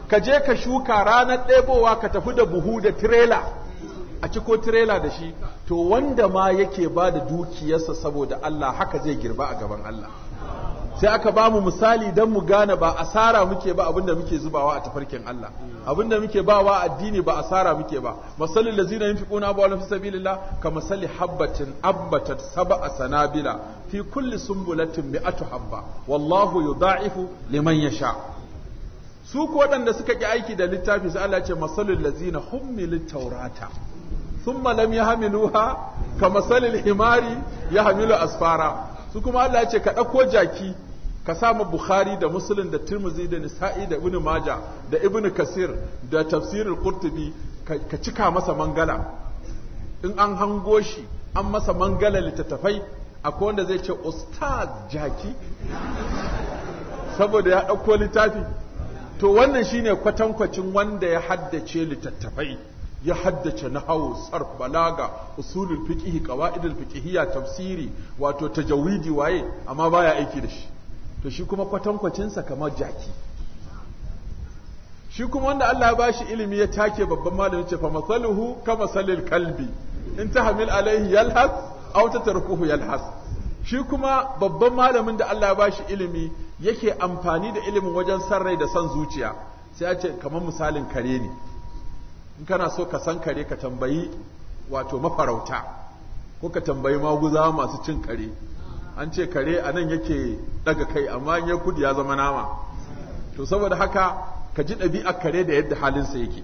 Speaker 1: ka je ka shuka ranar ɗebowa ka tafi da buhu da tirela a ciko tirela da shi to wanda ma yake ba da dukiyarsa saboda Allah haka zai girba a gaban Allah sai aka ba mu misali don mu gane ba asara muke ba abinda muke zubawa a tafarkin Allah abinda muke ba wa addini ba asara muke ba Masallin lazina yunfiquna amwalahum fi sabilillah ka masali habbatin abbatat sab'a a sanabila fi kulli sumbulatin mi'atu habba wallahu yudha'ifu liman ya sha. su ko waɗanda suka ƙi aiki da littafi sai Allah ya ce masalul lazina hummilut taurata thumma lam yahmiluha ka masalil himari hamilu asfara su kuma Allah ya ce ka ɗauko jaki ka sa ma Bukhari da Muslim da Tirmidhi da Nisa'i da Ibn Maja da Ibn Kasir da tafsirin kurtubi ka cika masa mangala in an hango shi an masa mangala littattafai akwai wanda zai ce ustaz jaki saboda ya ɗauko littafi to wannan shine kwatankwacin wanda ya haddace littattafai ya haddace nahawu sarf balaga usulul fiqh qawaidul fiqhiyya tafsiri wato tajawidi waye amma baya aiki da shi to shi kuma kwatankwacin sa kamar jaki shi kuma wanda Allah ya bashi ilimi ya take babban malami ce fa masaluhu kama salil kalbi in tahmil alaihi yalhas aw tatrukuhu yalhas shi kuma babban malamin da Allah ya bashi ilimi yake amfani da ilimin wajen san rai da san zuciya sai ya ce kamar misalin kare ne in kana so ka san kare ka tambayi wato mafarauta ko ka tambayi maguza masu cin kare an ce kare a nan yake daga kai amma ya kudi ya zama nama to saboda haka ka ji ɗabi'ar kare da yadda halinsa yake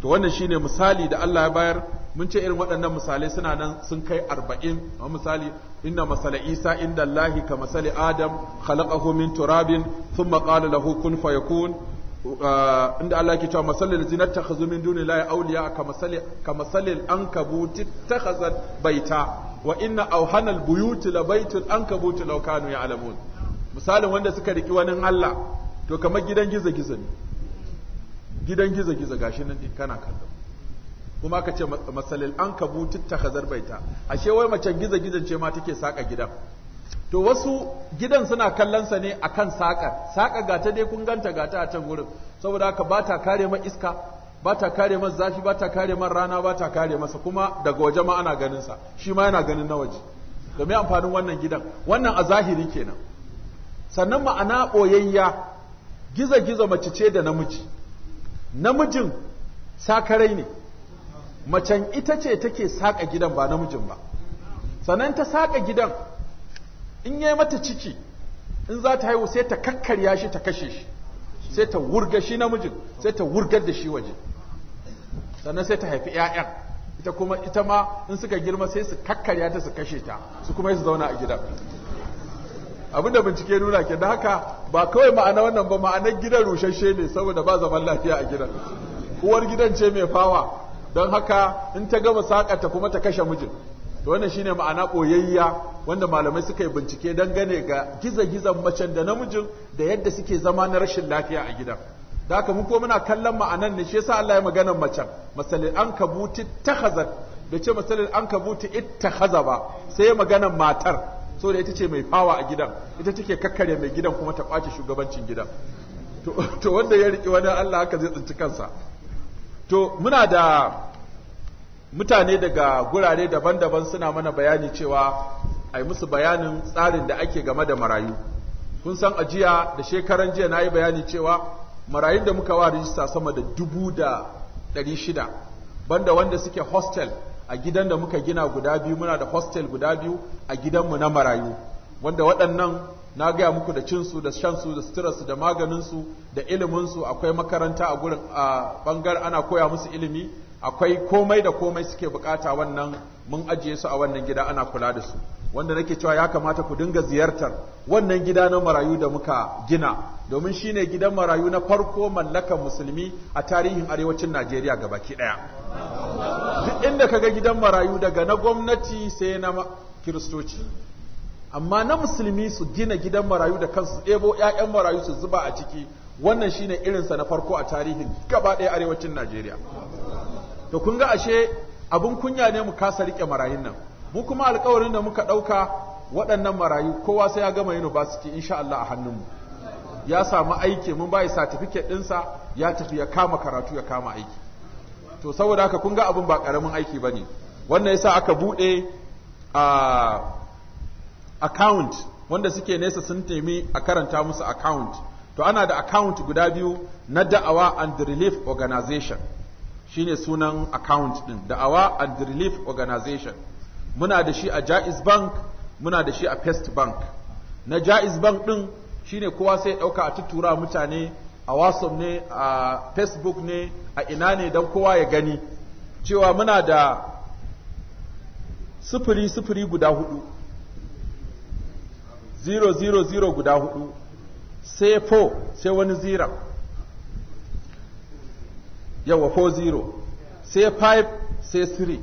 Speaker 1: to wannan shine misali da Allah ya bayar mun ce irin waɗannan misalai suna nan sun kai arba'in a misali inna masala isa inda allahi ka masali adam khalaqahu min turabin sun qala lahu kun fayakun uh, inda Allah ke cewa masalil zina ta khazu min duni lahi auliya ka masalil ka masalil ta takhazat baita wa inna awhana albuyuti la baitul ankabuti law kanu ya'lamun misalin wanda suka riki wani Allah to kamar gidan gizo gizo ne gidan gizo gizo gashi nan kana kallon kuma ka ce matsalil an kabutu ta hazar baita ashe wai mace gizo gizan ce ma take saka gidan to wasu gidan suna kallonsa ne akan saƙar saƙar gata dai kun ganta gata a can wurin saboda haka ba ta kare ma iska ba ta kare ma zafi ba ta kare man rana ba ta kare masa kuma daga waje ma ana ganin sa shi ma yana ganin na waje da me amfanin wannan gidan wannan a zahiri kenan sannan ma'ana boyayya gizo gizo mace ce da namiji namijin sakarai ne macen ita ce take saƙa gidan ba namijin ba sannan ta saƙa gidan in yi mata ciki in za ta haihu sai ta kakkarya shi ta kashe shi sai ta wurga shi namijin sai ta wurgar da shi waje sannan sai ta haifi 'ya'yan ita kuma ita ma in suka girma sai su kakkarya ta su kashe ta su kuma su zauna a gidan Abin da bincike nuna ke da haka ba kawai ma'ana wannan ba ma'anar gidan rushashe ne saboda ba zaman lafiya a gidan uwar gidan ce mai fawa don haka in ta gama sakata kuma ta kashe mijin to wannan shine ma'ana koyayya wanda malamai suka yi bincike gane ga giza-gizan macen da namijin da yadda suke zama na rashin lafiya a gidan da haka mu ko muna kallon ma'anan ne shi yasa Allah ya magana macen masalin an kabuti takhazat da ce masalin an kabuti ba sai magana matar so da ita ce mai fawa a gidan ita take kakkare mai gidan kuma ta kwace shugabancin gidan to <laughs> wanda ya riki wani Allah haka zai tsinci kansa to muna da mutane daga gurare daban-daban suna mana bayani cewa ai musu bayanin tsarin da ake game da marayu kun san ajiya da shekaran jiya na yi bayani cewa marayun da muka wa rijista sama da dubu da ɗari shida banda wanda suke hostel a gidan da muka gina guda biyu muna da hostel guda biyu a gidanmu na marayu wanda waɗannan na gaya muku da cinsu da shansu da suturarsu da maganinsu da iliminsu akwai makaranta a gurin a bangar ana koya musu ilimi akwai komai da komai suke bukata wannan mun ajiye su a wannan gida ana kula da su wanda nake cewa ya kamata ku dinga ziyartar wannan gida na marayu da muka gina domin shine gidan marayu na farko mallakan musulmi a tarihin arewacin Najeriya ga baki daya duk inda kaga gidan marayu daga na gwamnati sai na kiristoci amma na musulmi su gina gidan marayu da kansu ɗebo 'ya'yan marayu su zuba a ciki wannan shine irinsa na farko a tarihin gaba ɗaya arewacin Najeriya to kun ga ashe abin kunya ne mu kasa rike marayun nan mu kuma alƙawarin da muka ɗauka waɗannan marayu kowa sai ya gama university insha Allah a hannunmu ya samu aiki mun bayi certificate ɗinsa ya tafi ya kama karatu ya kama aiki to saboda haka kun ga abin ba ƙaramin aiki ba ne. wannan yasa aka buɗe a ah, account wanda suke nesa sun temi a karanta musu account to ana da account guda biyu na da'awa and relief organization shine sunan account din da'awa and relief organization muna da shi a Jaiz Bank muna da shi a Pest Bank na Jaiz Bank din shine kowa sai dauka a tuttura mutane a wasan ne a Facebook ne a ina ne don kowa ya gani cewa muna da sufuri-sufuri guda hudu zero guda hudu sai sai wani zira yawa zero sai five sai three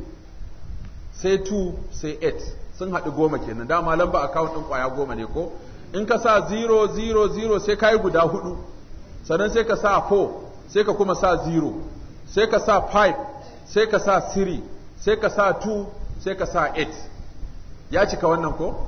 Speaker 1: sai two sai eight sun haɗu goma kenan dama lamba account ɗin ƙwaya goma ne ko in ka sa 000 sai ka yi guda hudu sannan sai ka sa 4 sai ka kuma sa 0 sai ka sa 5 sai ka sa 3 sai ka sa 2 sai ka sa 8 ya cika wannan ko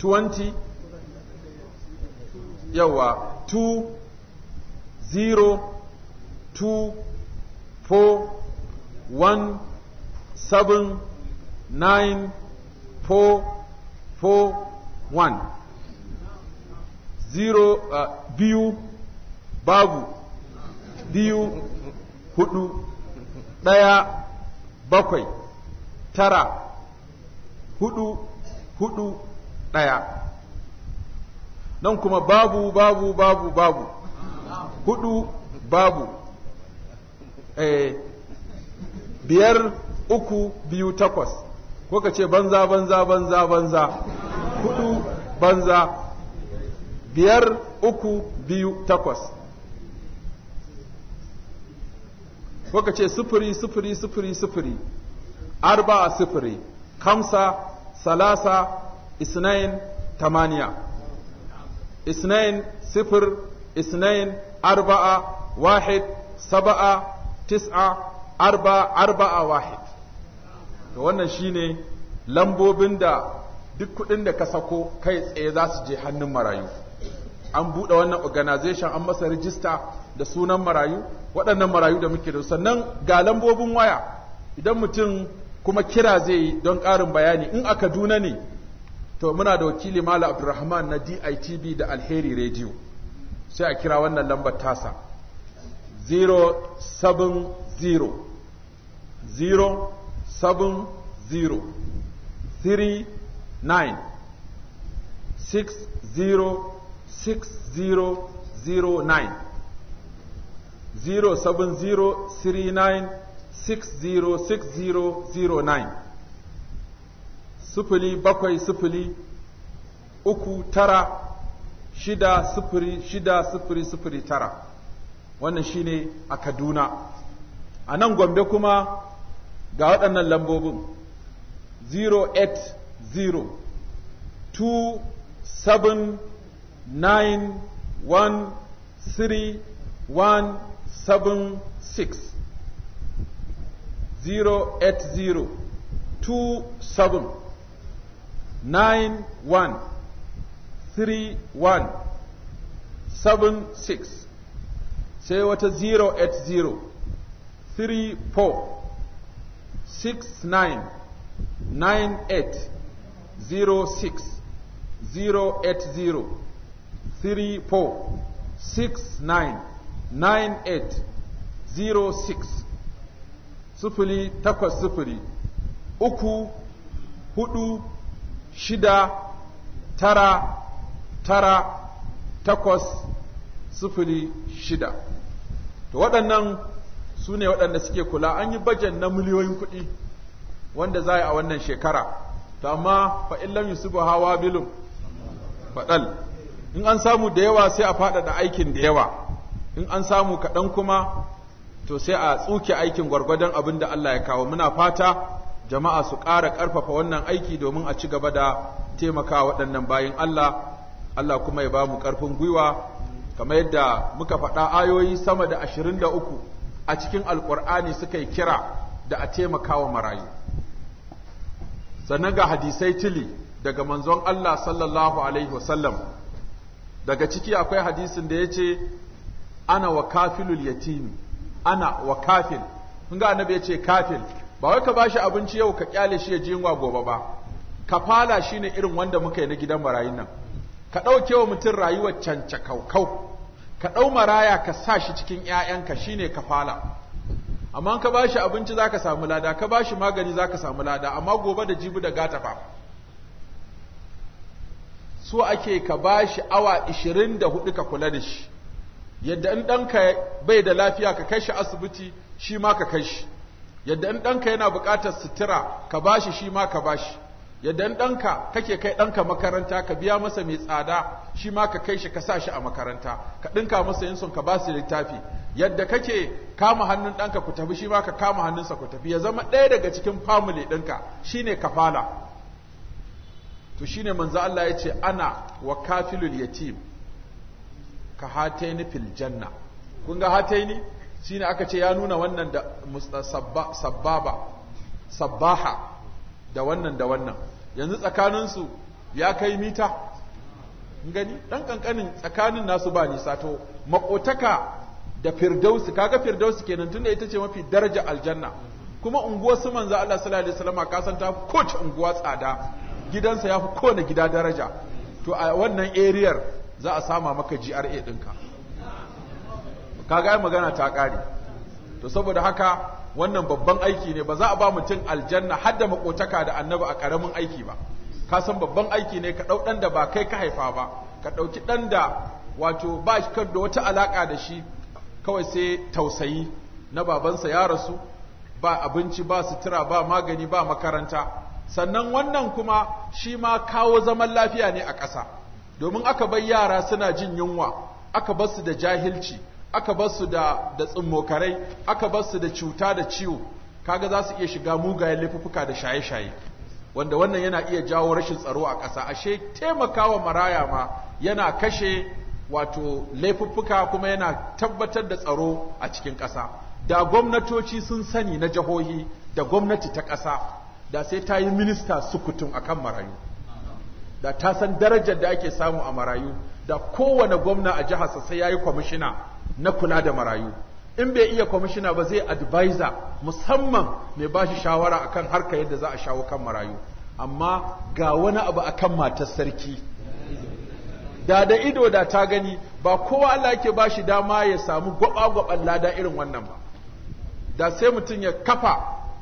Speaker 1: 20 yawa 2 0 2 4 one, 7 9 four, four, one, zero, uh, biyu babu biyu hudu ɗaya bakwai tara hudu hudu ɗaya nan kuma babu babu babu babu hudu babu eh, biyar uku biyu takwas ko ka ce banza banza banza banza hudu banza biyar uku biyu takwas ko ka ce sufuri sufuri sufuri sufuri arba sufuri kamsa salasa اثنين tamaniya اثنين sifir اثنين arba'a wahid saba'a tis'a arba'a wahid to wannan shine lambobin da duk kudin da ka sako kai tsaye za su je hannun marayu an buɗe wannan organization an masa rijista da sunan marayu waɗannan marayu da muke da sannan ga lambobin waya idan mutum kuma kira zai yi don ƙarin bayani in a kaduna ne to muna da wakili mala abdurrahman na ditv da alheri radio sai a kira wannan lambar tasa 070 070 39 60 0 070 0 0 6009 sifili bakwai sufuri uku tara shida sufuri shida sufuri sufuri tara wannan shine a kaduna a nan gombe kuma ga waɗannan lambobin 080 27913176 080 27 nine one three one seven six sai wata zero eight zero three four six nine nine eight zero six zero eight zero three four six nine nine eight zero six sufuri takwa sufuri uku hudu shida tara tara takwas sifili shida to waɗannan su ne waɗanda suke kula an yi bajan na miliyoyin kuɗi wanda za a yi a wannan shekara to amma fa'illan yusufu hawa bilum faɗal in an samu da yawa sai a faɗaɗa aikin da yawa in an samu kaɗan kuma to sai a tsuke aikin gwargwadon abin da Allah ya kawo muna fata jama'a su ƙara ƙarfafa wannan aiki domin a ci gaba da taimaka waɗannan bayan Allah Allah kuma ya ba mu ƙarfin gwiwa kamar yadda muka faɗa ayoyi sama da ashirin da uku a cikin alƙur'ani suka yi kira da a taimakawa marayu sannan ga hadisai tili daga manzon Allah sallallahu alaihi wasallam daga ciki akwai hadisin da ya ce ana wa kafilul yatim ana wa kafil kun ga annabi ya ce kafil ba wai ka ba shi abinci yau ka kyale shi ya jinwa gobe ba kafala shine irin wanda muka yi na gidan marayun nan ka ɗauke wa mutum rayuwar canca kaukau, ka ɗau maraya ka sa shi cikin ‘ya'yanka shine kafala amma ka ba shi abinci za ka samu lada ka ba shi magani za ka samu lada amma gobe da jibi da gata fa so ake ka ba shi awa 24 ka kula da shi yadda in ɗanka bai da lafiya ka kai shi asibiti shi ma ka kai shi yadda in ɗanka yana buƙatar sutura ka ba shi shi ma ka ba shi. yadda in ɗanka kake kai ɗanka makaranta ka biya masa mai tsada shi ma ka kai shi ka sa shi a makaranta ka ɗinka masa yin sun ka ba su littafi yadda kake kama hannun ɗanka ku tafi shi ma ka kama hannunsa ku tafi ya zama ɗaya daga cikin family ɗinka shine kafala to shi ne manzo Allah ya ce ana wa kafilul yatim ka hataini fil janna kun ga hataini shine aka ce ya nuna wannan da sabbaba sabbaha da wannan da wannan yanzu tsakaninsu ya kai mita gani dan kankanin tsakanin nasu ba nisa to makotaka da firdausi kaga firdausi kenan tunda ita ce mafi daraja aljanna kuma unguwar su manzo Allah sallallahu alaihi wasallam ka san ta coach unguwa tsada gidansa ya fi kowane gida daraja to a wannan eriyar za a sama maka GRA ɗinka kaga ai magana ta kare to saboda haka wannan babban aiki ne ba za a ba mutum aljanna har da makotaka da annabi a karamin aiki ba ka san babban aiki ne ka ɗau ɗan da ba kai ka haifa ba ka ɗauki ɗan da wato ba shi da wata alaka da shi kawai sai tausayi na babansa ya rasu ba abinci ba sutura ba magani ba makaranta sannan wannan kuma shi ma kawo zaman lafiya ne a ƙasa domin aka bar yara suna jin yunwa aka bar su da jahilci aka bar su da da tsummokarai aka bar su da cuta da ciwo kaga za su iya shiga mugayen laifuka da shaye-shaye wanda wannan yana iya jawo rashin tsaro a ƙasa ashe taimakawa maraya ma yana kashe wato laifuffuka kuma yana tabbatar da tsaro a cikin ƙasa da gwamnatoci sun sani na jihohi da gwamnati ta ƙasa da sai ta yi minista sukutun akan marayu da ta san darajar da ake samu a marayu da kowane gwamna a jihar sai ya yi kwamishina na kula da marayu in bai iya kwamishina ba zai advisor musamman mai ba shi shawara akan harka yadda za a shawo kan marayu amma ga wani abu akan matar sarki da da ido da ta gani ba kowa Allah yake ba shi dama ya samu gwaba-gwaban lada irin wannan ba da sai mutum ya kafa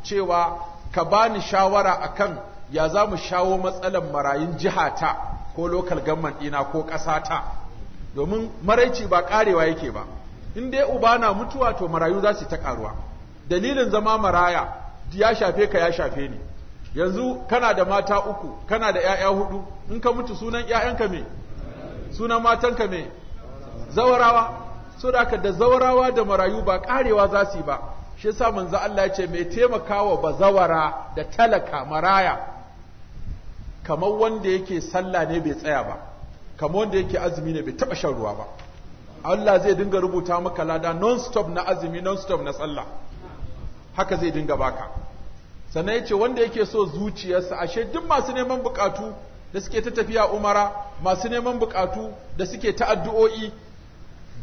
Speaker 1: cewa ka bani shawara akan ya za mu shawo matsalar marayun jihata ko lokal gamman ɗina ko ƙasata domin maraici ba karewa yake ba in dai uba na mutuwa to marayu za su ta karuwa dalilin zama maraya ya shafe ka ya shafe ni yanzu kana da mata uku kana da 'ya'ya hudu in ka mutu sunan ƴaƴanka me sunan matanka me zawarawa so da da zawarawa da marayu ba karewa za su yi ba shi yasa manzo Allah ya ce mai taimakawa bazawara da talaka maraya kamar wanda yake sallah ne bai tsaya ba kamar wanda yake azumi ne bai taba shan ruwa ba Allah zai dinga rubuta maka lada non stop na azumi non stop na sallah haka zai dinga baka sannan yace wanda yake so zuciyarsa ashe duk masu neman bukatu da suke ta tafiya umara masu neman bukatu da suke ta addu'o'i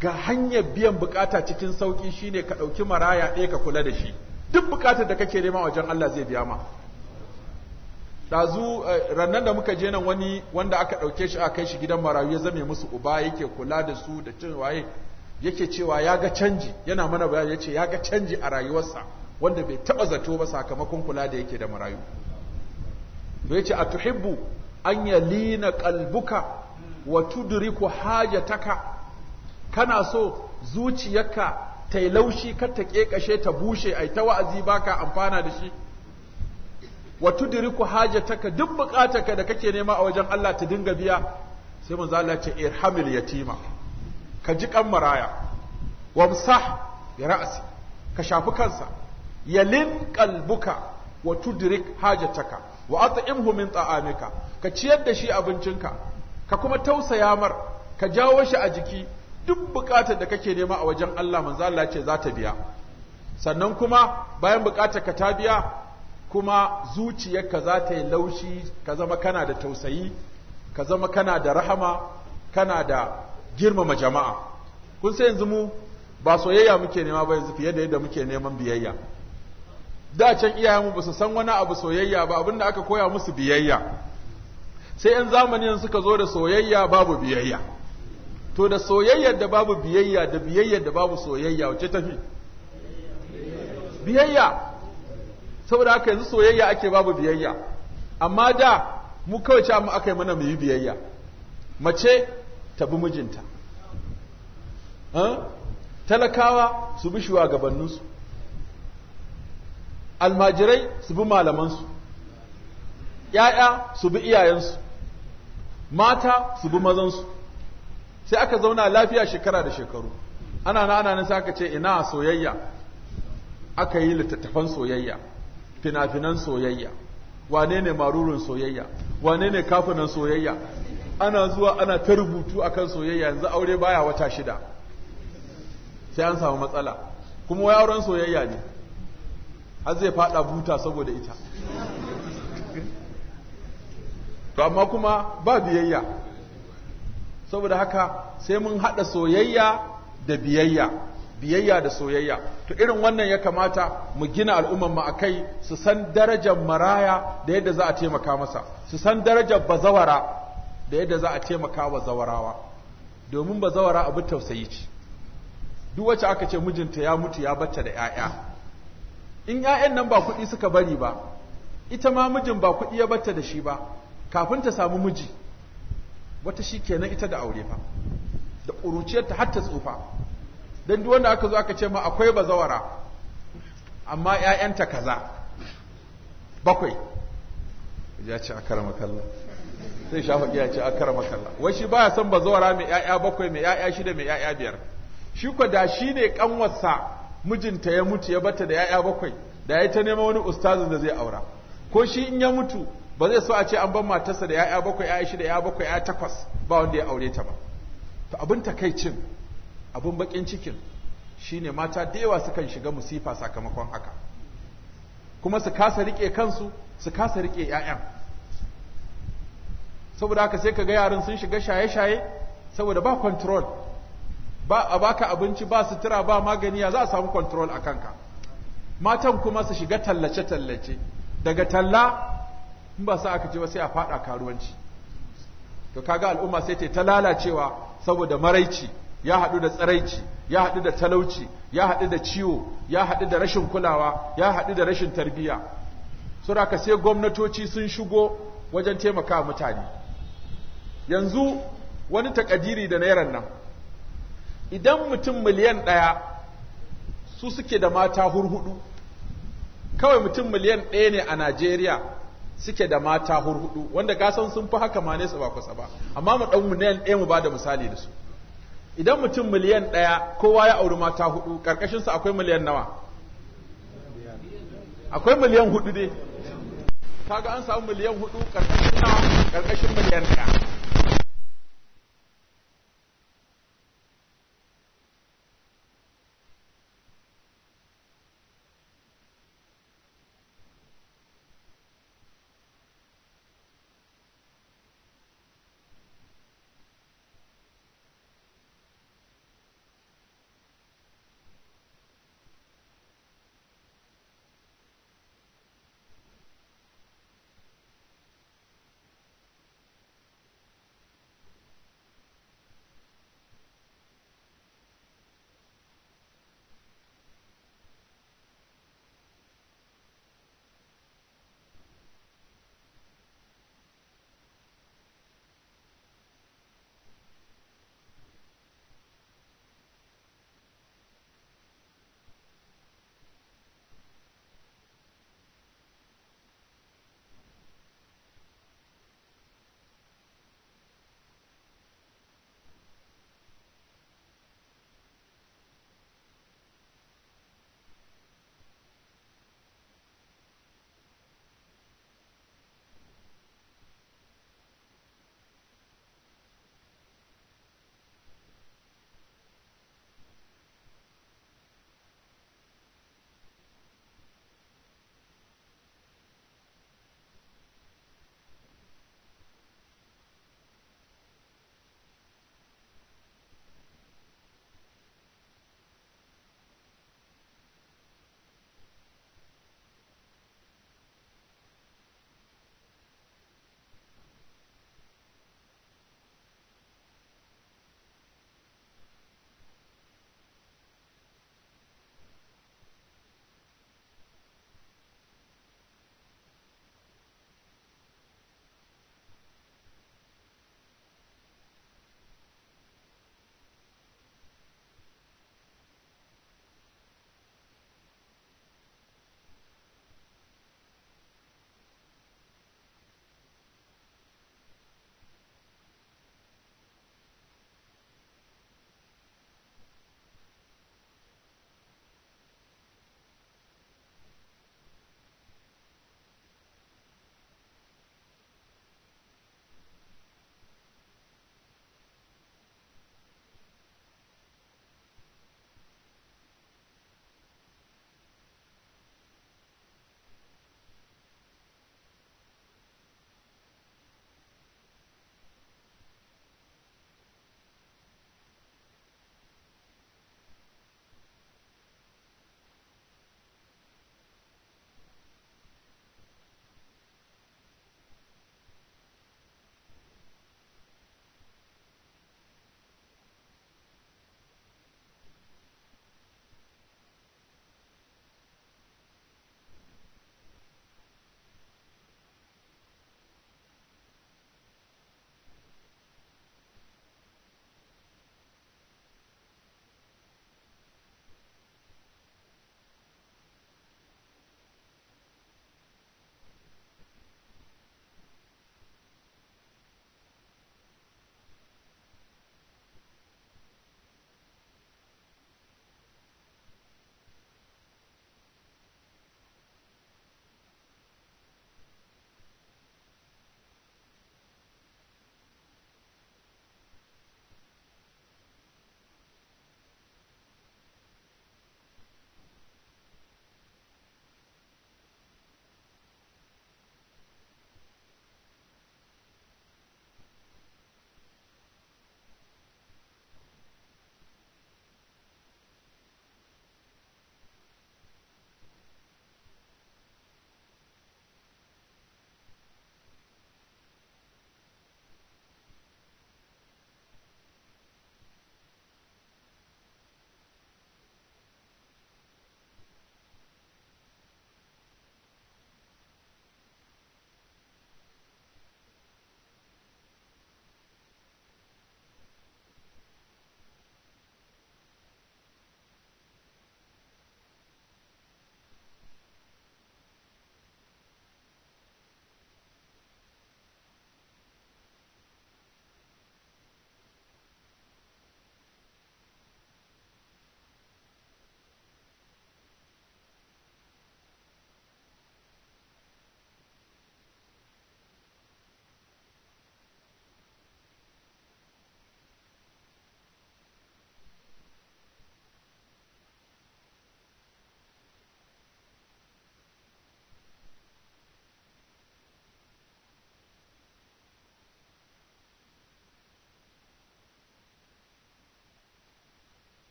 Speaker 1: ga hanyar biyan bukata cikin sauki shine ka dauki maraya ɗaya ka kula da shi duk bukatar da kake nema wajen Allah zai biya ma dazu eh, rannan da muka je nan wani wanda aka ɗauke shi a kai shi gidan marayu ya zame musu uba yake kula da su da cin waye yake cewa ya ga canji yana mana bayani yace ya ga canji a rayuwarsa wanda bai taɓa zato ba sakamakon kula da yake da marayu to yace a tuhibbu an yalina qalbuka wa tudriku hajataka kana so zuciyarka tai laushi kar ta kekashe ta bushe ai ta wa'azi baka amfana da shi wa tudriku hajataka duk bukatarka da kake nema a wajen Allah ta dinga biya sai manzo Allah ce irhamil yatima ka ji kan maraya msah bi ra'si ka shafi kansa yalin qalbuka wa tudrik hajataka wa at'imhu min ta'amika ka ciyar da shi abincinka ka kuma tausaya mar ka jawo shi a jiki duk bukatar da kake nema a wajen Allah manzo Allah ce za ta biya sannan kuma bayan bukatar ka ta biya kuma zuciyarka za ta yi laushi ka zama kana da tausayi ka zama kana da rahama kana da girmama jama'a kun sai yanzu mu ba soyayya muke nema ba yanzu fiye da yadda muke neman biyayya da can iyayenmu ba su san wani abu soyayya ba abin da aka koya musu biyayya sai yan zamanin suka zo da soyayya babu biyayya to da soyayyar da babu biyayya da biyayyar da babu soyayya wace tafi biyayya saboda haka yanzu soyayya ake babu biyayya amma da mu kawai amma aka yi mana mu yi biyayya mace ta bi mijinta talakawa su bi shugabanninsu almajirai su bi malamansu ‘ya'ya su bi iyayensu mata su bi mazansu sai aka zauna lafiya shekara da shekaru ana na ana nan sai aka ce ina soyayya aka yi littattafan soyayya fina-finan soyayya wane ne marurun soyayya wane ne kafinan soyayya ana zuwa ana ta rubutu a kan soyayya yanzu aure baya wata shida sai an samu matsala kuma wai auren soyayya ne har zai fada buta saboda ita to amma kuma ba biyayya saboda haka sai mun hada soyayya da biyayya biyayya da soyayya to irin wannan ya kamata mu gina al'ummar mu akai su san darajar maraya da yadda za a taimaka masa su san darajar bazawara da yadda za a taimaka wa zawarawa domin bazawara abu tausayi ce duk wacce aka ce mijinta ya mutu ya bacce da 'ya'ya in 'ya'yan nan ba kuɗi suka bari ba ita ma mijin ba kuɗi ya bacce da shi ba kafin ta samu miji wata shi kenan ita da aure fa da ƙuruciyarta har ta tsufa don duk wanda aka zo aka ce ma akwai bazawara amma ‘ya'yanta kaza bakwai ya ce a kara makalla. sai shafi ya ce a kara makalla. wai shi baya son bazawara mai ‘ya'ya bakwai mai ‘ya'ya shida mai ‘ya'ya biyar shi ko da shi ne ƙanwarsa mijinta ya mutu ya bata da ‘ya'ya bakwai da ya ta nema wani ustazin da zai aura ko shi in ya mutu ba zai so a ce an ban matarsa da ‘ya'ya bakwai ‘ya'ya shida ‘ya'ya bakwai ‘ya'ya takwas ba wanda ya aure ta ba to abin takaicin abun bakin cikin shine mata da yawa sukan shiga musifa sakamakon haka kuma su kasa rike kansu su kasa rike 'ya'yan saboda haka sai ka ga yaran sun shiga shaye-shaye saboda ba control ba a baka abinci ba sutura ba magani ya za a samu control a kanka matan kuma su shiga tallace-tallace daga talla in ba sa aka ce ba sai a fada karuwanci to kaga al'umma sai ta lalacewa saboda maraici ya haɗu da tsaraici ya haɗu da talauci ya haɗu da ciwo ya haɗu da rashin kulawa ya haɗu da rashin tarbiyya suraka sai gwamnatoci sun shigo wajen taimaka mutane yanzu wani takadiri da nairan nan idan mutum miliyan ɗaya su suke da mata hurhudu kawai mutum miliyan ɗaya ne a najeriya suke da mata hurhudu wanda gasan sun fi haka ma nesa ba kusa ba amma mu ɗan miliyan ɗaya mu ba da misali da su idan mutum miliyan ɗaya kowa ya auri mata hudu ƙarƙashinsa akwai miliyan nawa akwai miliyan hudu dai kaga an samu miliyan hudu ƙarƙashin nawa ƙarƙashin miliyan ɗaya